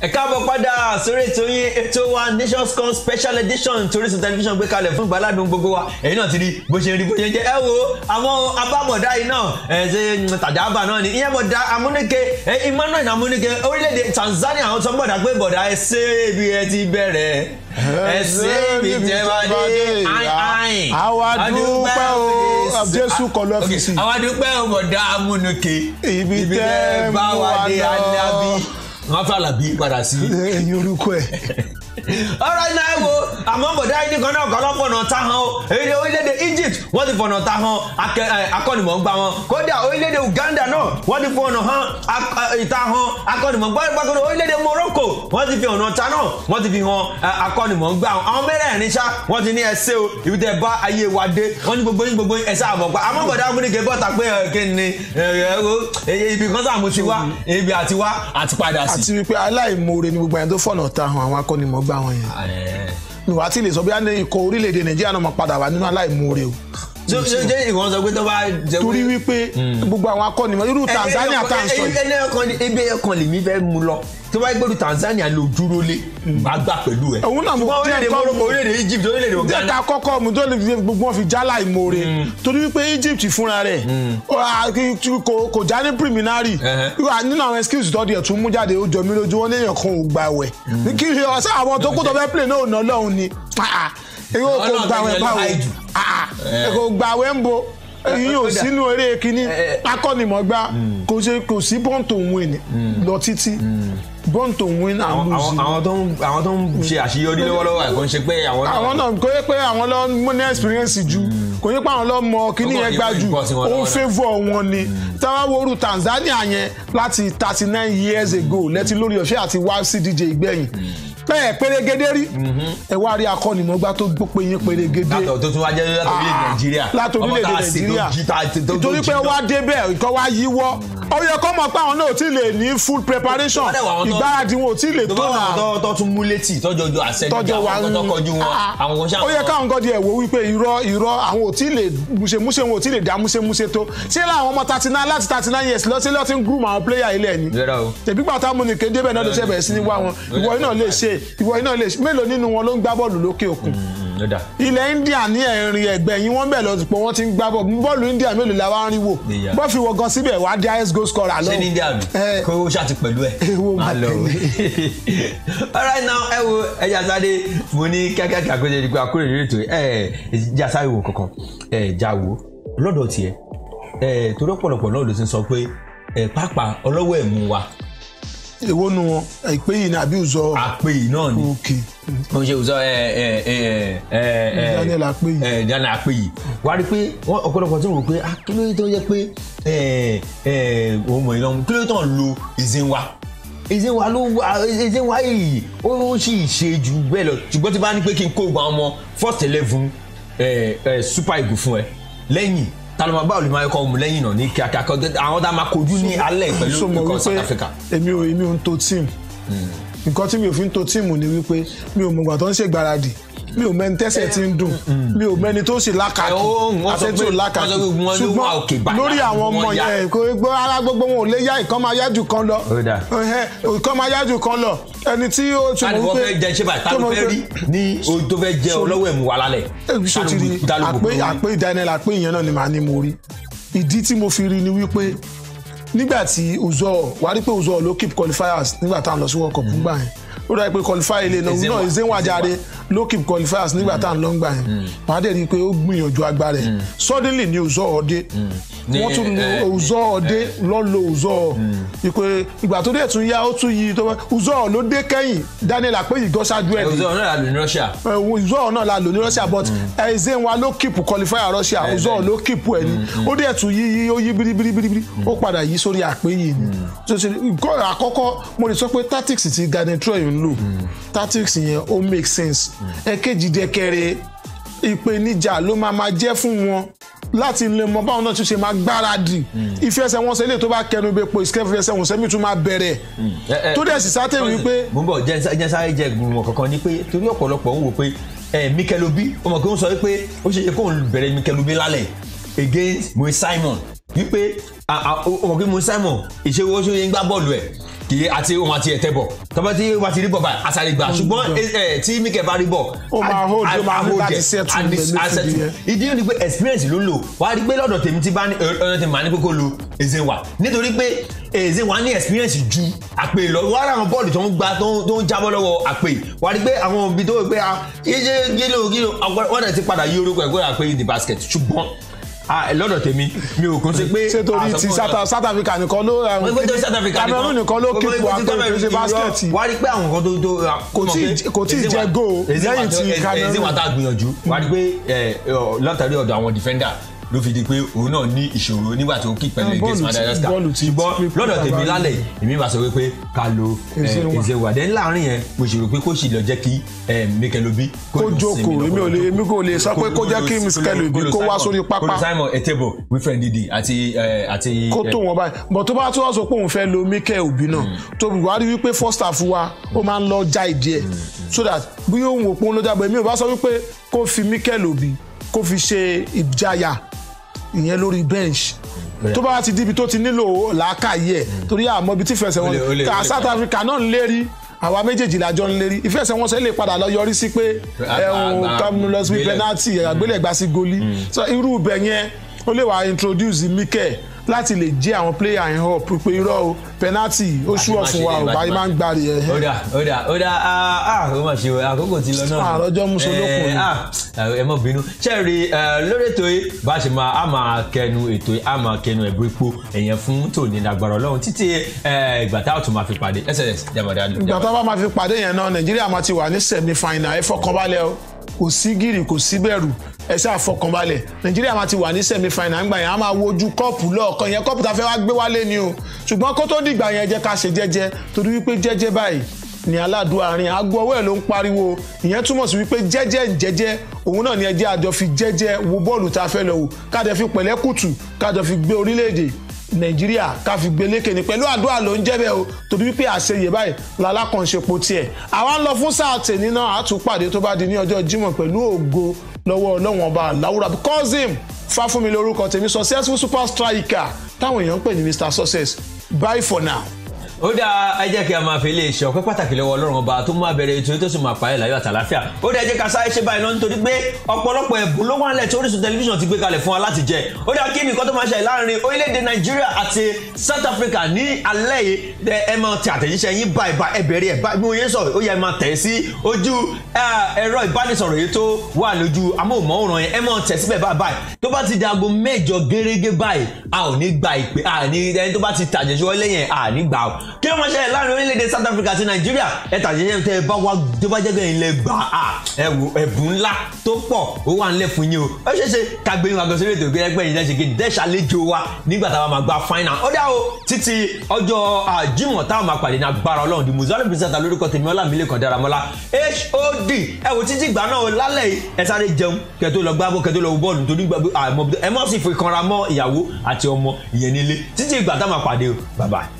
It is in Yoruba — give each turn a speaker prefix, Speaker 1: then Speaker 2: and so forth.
Speaker 1: ẹ káàbọ̀ padà sórí ètò yín ètò wa nations con special edition torí sùn tẹlifíṣàn gbé kalẹ̀ fún ìgbàládùn gbogbo wa ẹ̀yin náà ti rí bó ṣe rí bó ṣe ń jẹ ẹ wo àwọn abámọ̀dá yìí náà ẹ ṣe mm, tàjábà náà ni ìyẹn bọ̀dá amúnike ẹ emmanuel amúnike orílẹ̀-èdè tanzania àwọn tó ń bọ̀dá pé bọ̀dá ẹ ṣe é bí ẹ ti bẹ̀rẹ̀ ẹ ṣe é bí tẹ bá dé àìn àwa dúpẹ́ o jésù kọ lọ́fíìsì àwa dúpẹ́ o bọ̀dá amúnike ibi tẹ́ bá wà dé wọn fàlàbí padà sí. ẹyin orúkọ ẹ alright náà ẹ wo àmọ́ bọ̀dá ẹni kan náà kan náà fọ̀nà ta hàn o èdè orílẹ̀-èdè Egypt wọ́n ti fọ̀nà ta hàn akọ́nìmọ̀ọ́gbà wọn kódà orílẹ̀-èdè Uganda náà wọ́n ti fọ̀nà hàn ìta hàn akọ́nìmọ̀ọ́gbà gbàgbọ́dọ̀ orílẹ̀-èdè Morocco wọ́n ti fi ọ̀nà ta náà wọ́n ti fi hàn akọ́nìmọ̀ọ́gbà wọn àwọn mẹ́rẹ̀ẹ̀rin ṣá wọ́n ti ní ẹsẹ̀ o ibi tẹ́ bá ayé wa dé wọ́n ní gbogbo yín gbogbo yín ẹsẹ̀ àmọ̀gbà àmọ́ bọ̀dá múnike bọ́ta pé kíni ibi kan sàmùtí wa mm-hmm. ibi àtiwá àtipadà sí. àti wípé
Speaker 2: aláìmoore ni gbogbo àyàn tó fọ̀nà ta hàn àwọn akọ́nìmọ̀ọ́gb gbà wọn yẹn ah, eh, eh. mi wá tí lè sọ bí a ní ikọ̀ orílẹ̀-èdè nàìjíríà náà máa padà wá nínú aláìmoore o
Speaker 1: ṣe ṣe ìwọ sọ pé tó bá jẹ pé. torí wípé hmm. gbogbo àwọn akọ́nimọ̀ irú eh, Tanzania tá à ń sọ yìí. ẹni ẹ̀kan lèmi fẹ́ mu lọ tó bá gbẹrù Tanzania ló dúró lé bá gbà pẹ̀lú ẹ. òun náà mo kọ́ orílẹ̀-èdè Morocco orílẹ̀-èdè Egypt orílẹ̀-èdè Ghana.
Speaker 2: dẹ́ta kọ́kọ́ mi tó lè fi gbogbo wọn fi jálá ìmoore mm. torí wípé Egypt fúnra rẹ̀ mm. ah, kò já ní preliminary uh-huh. nínú àwọn skills tó di ẹ̀tún mú jáde ó jọ mí lójú wọn léèyàn kan ò gbà wẹ̀ mm. kí ni ọ̀sán àwọn tó kó tó fẹ́ play náà ná lọ́hùn ni èyí ah, ò ah. kò gbà wẹ̀ báwo èkó gbà wẹ̀ ń bo ẹyin ò sínú eré kínní akọ́nimọ̀gbá hmm. kò ṣe kò sí born to win hmm. lọ títí hmm. born to win and lose. àwọn tó ń àwọn tó ń ṣe àṣeyọrí lọ́wọ́lọ́wọ́
Speaker 1: àìkọ́ ń ṣe pé àwọn àwọn
Speaker 2: náà kò yẹ pé àwọn lọ mú ní experience ju kò yẹ pé àwọn lọ mọ kíní yẹn gbá ju ó favour wọn ni táwa woru Tanzania yẹn láti thirty nine years ago lẹ́tí lórí ọ̀ṣẹ́ àti wá sí díje ìgbẹ̀yìn. Mm tẹ́ ẹ̀ pérégedé rí mhm. ẹ wá rí akọ́nimọ̀gbá tó gbópe yín
Speaker 1: pérégedé. látọ̀ tó tún wá jẹ́ látọ̀ ah, nàìjíríà látọ̀ orílẹ̀ nàìjíríà
Speaker 2: ìtorí pé wá débẹ̀ ìkọ́ wá yíwọ́ ó yẹ kọ́ mọ̀ pé àwọn náà ò tí ì lè ní full preparation ìgbáradì wọn ò tí ì lè tó náà. tó tún mú létí tọ́jú ojú àṣẹjú àwọn tó kọjú wọn ah, ah. àwọn kan ṣáà. ó yẹ káwọn gọdí ẹ̀ wò wípé irọ́ irọ́ àwọn ò tí ì lè múṣemúṣe wọn ò tí ì lè dá múṣemúṣe tó ṣé láwọn ọmọ thirty nine láti thirty nine years lọ́sẹ̀ lọ́ọ́ ti ń groom àwọn player ilẹ̀ ni. tẹ̀bí gbàtà mú ni kéde bẹ́ẹ̀ náà ló ṣe bẹ̀rẹ̀ sí ní wá wọn ìwọ iná lè ṣe ìwọ iná lè ṣe mélòó nínú wọn ló ń gbá bọ́ọ̀lù lókè òkun mm ilẹ̀ India ní ẹ̀rin ẹ̀gbẹ́ yín wọ́n bẹ̀ lọ sí pé wọ́n ti ń gbá bọ́ọ̀lù bọ́ọ̀lù India mélòó la wá ń rí wò bọ́ fi wọ gan síbẹ̀ wá di highest goal scorer lọ. ṣé ní India
Speaker 1: mi kó o ṣàti pẹ̀lú ẹ̀ máa lọ o. alright now ẹ wo ẹ jàsáde mo ní kíákíákíá kó ṣe ìgbà kúrò nínú ètò ẹ jàsáde wò kankan ẹ jà wò lọ́dọ̀ tiẹ̀ ẹ torí ọ̀pọ̀lọpọ̀ náà ló ti sọ pé ẹ pápá ọlọ́wọ́ ẹ̀ mú wa. èwo nu wọn àìpé yìí ni àbí òzọ. àpè náà ni. okay o ṣe sọ ẹ ẹ ẹ ẹ ẹ Daniel Apeyi ẹ Daniel Apeyi wà á rí i pé ọ̀pọ̀lọpọ̀ rò pé ah, kí ló yẹ tó yẹ pé ẹ ẹ òun mọ̀ ìlọrin kí ló tó ń lo Ezenwa Ezenwa ló wà Ezenwa yìí ó sì ṣe jù bẹ́ẹ̀ lọ ṣùgbọ́n tí bá ní pé kí n kó gba ọmọ first eleven super eagle fún ẹ lẹ́yìn talọmọ báwo lè máa ọmọ lẹ́yìn náà ní kíákíá àwọn tá a máa kojú ní alẹ́ pẹ̀lú ikọ̀ South Africa.
Speaker 2: èmi ò èmi ò ń to team hmm nǹkan tí mi ò fi ń to tíìmù ni wípé mi ò mọ̀gbà tó ń ṣègbáradì mi ò mẹni tẹ́sẹ̀ tí ń dùn mi ò mẹni tó ṣe lákàkì àti tí ò lákàkì ṣùgbọ́n lórí àwọn ọmọ yẹn kò gbọ́ ara gbogbo wọn ò lè yá ìkan máa yájú kan lọ ìkan máa yájú kan lọ
Speaker 1: ẹni tí ó ti mú pé tó mọ pé ní ojú tó fẹ́ jẹ ọlọ́wọ́ ẹ̀mú wa lálẹ́. sotiri
Speaker 2: àpé àpé ìdánilẹ̀ àpé ìyẹn náà ni màá ní mo rí ìdí tí mo fi rí ni wípé nígbà tí Uzoho wàá rí pé Uzoho ló keep qualifiers nígbà tá à lọ sí World Cup nígbà yẹn ó dà pé qualify ilé náà náà Ezenwa jàre ló keep qualifiers nígbà tá à ń lọ gbà yẹn hmm. màá dẹ̀ rí i pé ó gbìyànjú agbára ẹ̀ hmm. suddenly ni òzọ́ ọdẹ hmm. wọ́n tún eh, eh, eh. lo òzọ́ ọdẹ lọ́lọ́ òzọ́ ìpè ìgbà tó dẹ̀ tún yá ó tún yí tó òzọ́ ló dé kẹ́yìn Daniel Apeyi gan ṣáájú ẹ̀ ní òzọ́ náà
Speaker 1: la lò ní Russia
Speaker 2: òzọ́ náà la lò ní Russia but Ezenwa ló keep qualifier Russia òzọ́ ló keep ẹ̀ ní ó dẹ̀ tún yí yí ó yí biribiribiri ó padà yí sórí Apeyi ni àkọ́kọ́ mo lè sọ pé tactics ti Garden Troy lò hmm. tactics yẹn ó make sense hmm. ẹ̀kejì dẹ̀kẹ̀rẹ̀ ìpèníjà ló máa máa jẹ́ fún wọn láti lè mọ báwọn náà tún ṣe máa gbáradì hmm. ìfẹsẹ̀wọnsẹ̀ ilé tó bá kẹnu bẹ po ìsìkẹ́ ìfẹsẹ̀wọnsẹ̀ mi tún máa bẹ̀rẹ̀ tó dẹ̀ sì sáté wípé.
Speaker 1: mo ń bọ̀ jẹ́ sáré jẹ́ gbùmọ̀ kankan ni pé torí ọ̀pọ̀lọpọ̀ ń wò pé mikelobi ọmọ kí n sọ wípé ó ṣe é kó n bẹ̀rẹ̀ mikelobi lálẹ́ against Moe Simon wípé ọmọ kí Moe Simon ìṣèwọ́sọ yẹn gbá bọ́ọ̀lù ẹ̀ kì í àti òun àti ẹ̀tẹ́ bọ̀ tọ́ba tí wọ́n ti rí bọ̀ báyìí àṣàlẹ̀ gbà ṣùgbọ́n tí Mike bá rí bọ̀ ó máa hold ó máa hold ẹ̀ àṣẹtù ìdí yóò ní pé experience ló lò wàá rí pé lọ́dọ̀ tèmi ti bá ní ọ̀dọ̀ tèmi máa ní kókó lo Ezewa nítorí pé Ezewa ní experience ju àpè lọ wàá rà àwọn bọ́ọ̀lù tó ń gba tó ń jábọ́ lọ́wọ́ àpè wàá rí pé àwọn òbí tó wọ pé ah kílò kílò wọ́n dẹ̀ ti padà yí orúkọ ẹ̀ kó àpè in the basket ṣùgbọ́n lọ́dọ̀ tèmi mi ò kún sí pé. ṣé torí ti South
Speaker 2: Africa nìkan ló um, Cameroon nìkan ló kíkù àpérò ṣe báskẹ̀tì.
Speaker 1: wá rí pé àwọn nǹkan tó tó. kò tí ì jẹ góò lẹ́yìn ti Cameroon. èzí wàtá gbìyànjú wá rí pé eh, eh, lọ́tàrí ọ̀dọ̀ àwọn defender ló fi di pé òun náà ní ìṣòro nígbà tó kí pẹ̀lú against Madagascar ṣùgbọ́n lọ́dọ̀ tèmi lálẹ́ èmi máa sọ wípé ká lo eh, Ezewa then láàrin yẹn mo ṣèrò pé kó sì lọ jẹ́ kí eh, Mikelobi kó jókòó èmi ò èmi kò lè sọ pé kó jẹ́ kí Mikelobi kó wá sórí pápá kó Simon Etebo Wilfred Ndidi àti eh, àti. kó tó wọn
Speaker 2: báyìí but tó bá tó wá sọ pé òun fẹ́ lo Mikelobi náà hmm. tó wá rí wípé first half wa ó máa ń lọ já ìdí ẹ̀ hmm. so that bí òun òpó ń lọ jábọ̀ èmi ò bá sọ wípé kó fi Mikelobi kó fi ṣe ìjayà ìyẹn lórí bench tó bá ti débi tó ti nílò làákàyè ẹ̀ hmm. torí àmọ́ ibi tí fẹsẹ̀ wọn kà South Africa náà ń lérí àwa méjèèjì la jọ ń lérí ìfẹsẹ̀wọnsẹ̀ lè padà lọ yọrí sí pé ẹ̀hún Cameroon lọ sí penalty àgbélẹ̀gbá sí goli hmm. irú ibẹ̀ yẹn ó lè wá introduce Mikel láti lè jẹ́ àwọn player yẹn hàn pípé irọ́ o penalty ó ṣúwọ̀ fún wa o báyìí máa ń gbàrí ẹ̀. ó dà ó dà
Speaker 1: ó dà áà ah, ah, ó mà ṣe àkókò ti lọ náà. àròjọ ah, muso lókun eh, ẹ mọ bínú ṣẹ́ẹ̀rì eh, lórí ètò yìí bá a ṣe máa a máa kẹnu ètò yìí a máa kẹnu ẹ̀bùrú ipò ẹ̀yẹn fún tòní lágbára ọlọ́run títí eh, ìgbà tá a tún máa fi pàdé sss jàmọ̀dá. ìgbà tá a
Speaker 2: bá máa fi pàdé yẹn náà nàìjíríà máa ti wà ní semi final ẹ o kò sí gírì kò ẹ ṣe àfọkànbalẹ̀ nàìjíríà máa ti wà ní semi final ńgbà yẹn a máa wojú kọ́ọ̀pù lọ́ọ̀kan yẹn kọ́ọ̀pù tá a fẹ́ wá gbé wálé ni o ṣùgbọ́n kó tó dìgbà yẹn jẹ́ ká ṣe jẹ́jẹ́ torí wípé jẹ́jẹ́ báyìí ní aládùn àárín aago ọwọ́ ẹ̀ ló ń pariwo ìyẹn túmọ̀ sí wípé jẹ́jẹ́ jẹ́jẹ́ òun náà ni ẹ jẹ́ àjọ fi jẹ́jẹ́ wo bọ́ọ̀lù tá a fẹ́ lọ wò kájọ fi pẹ̀lẹ́kùtù kájọ fi gbé orílẹ̀-èdè nàìjíríà ká fi gbélékè ní pẹ̀lú àdúrà ló ń jẹ́bẹ̀ o torí wípé àṣeyè báyìí lalákànṣepọ̀ tiẹ̀ àwa ń lọ fún sáà tèmi náà àtúpàdé tó bá di ní ọjọ́ jímọ̀ pẹ̀lú ògo lọ́wọ́ ọlọ́wọ́n ọba aláwùrà cousin fáfúnmi lórúkọ tèmi successful super striker táwọn èèyàn ń pè ní mr success bye for now
Speaker 1: ó dáa ẹ jẹ́ kí a máa fi ilé iṣẹ́ ọpẹ́ pàtàkì lọ́wọ́ ọlọ́run ọba tó máa bẹ̀rẹ̀ ètò yìí tó sì máa parí láyọ̀ àtàláfíà ó dáa ẹ jẹ́ ká sáré ṣe báyìí náà nítorí pé ọ̀pọ̀lọpọ̀ ẹ̀bùn ló wà nílẹ̀ tí Orísun tẹlifíṣàn ti gbé kalẹ̀ fún wa láti jẹ ó dáa kí nìkan tó máa ṣe láàrin orílẹ̀-èdè Nàìjíríà àti South Africa ní alẹ́ yìí ẹ máa tẹ àtẹ̀jíṣẹ́ yín báyìí bá ẹ bẹ̀rẹ̀ ẹ̀ báyìí bí mo yẹn sọ ó yẹ máa tẹ̀ sí ojú ẹ̀rọ ìbánisọ̀rọ̀ yìí tó wà lójú amóhùnmáwòrán yẹn ẹ máa tẹ̀ síbẹ̀ báyìí tó bá ti di aago mẹ́jọ gẹ́rẹ́gẹ́ báyìí a ò ní gba ìpè a ní ẹni kí ló máa ṣẹlẹ̀ láàrin orílẹ̀-èdè South Africa àti Nàìjíríà ẹ̀ta jẹjẹ tẹ ẹ bá wá débàjẹ́gẹ́ ilẹ̀ gbà á ẹ̀bùn ńlá tó pọ̀ ó wà ńlẹ̀ fún yín o ó ṣeé ṣe ká gbé yín àgọ́sórí ètò ìgbẹ́rẹ́gbẹ́ yìí lẹ́sẹ̀ kejì dẹ́ṣà lẹ́jọ́ wa nígbà táwa máa gba final ó dá o títí ọjọ́ Jímọ̀ táwa máa pàdé ní agbára Ọlọ́run di muzari bisata lórúkọ tèmi Ọlámilékan Dáramọ́lá HOD ẹ wò títí ìgbà náà lálẹ́ yìí ẹ sáré jẹun kẹtó lọ gbábọ́ kẹtó lọ bọ́ọ̀lù torí gbàgbé ẹ mọ̀ sí fi kanra mọ́ ìyàwó àti ọmọ ìyẹn nílé títí ìgbà táwa máa pàdé o bye bye.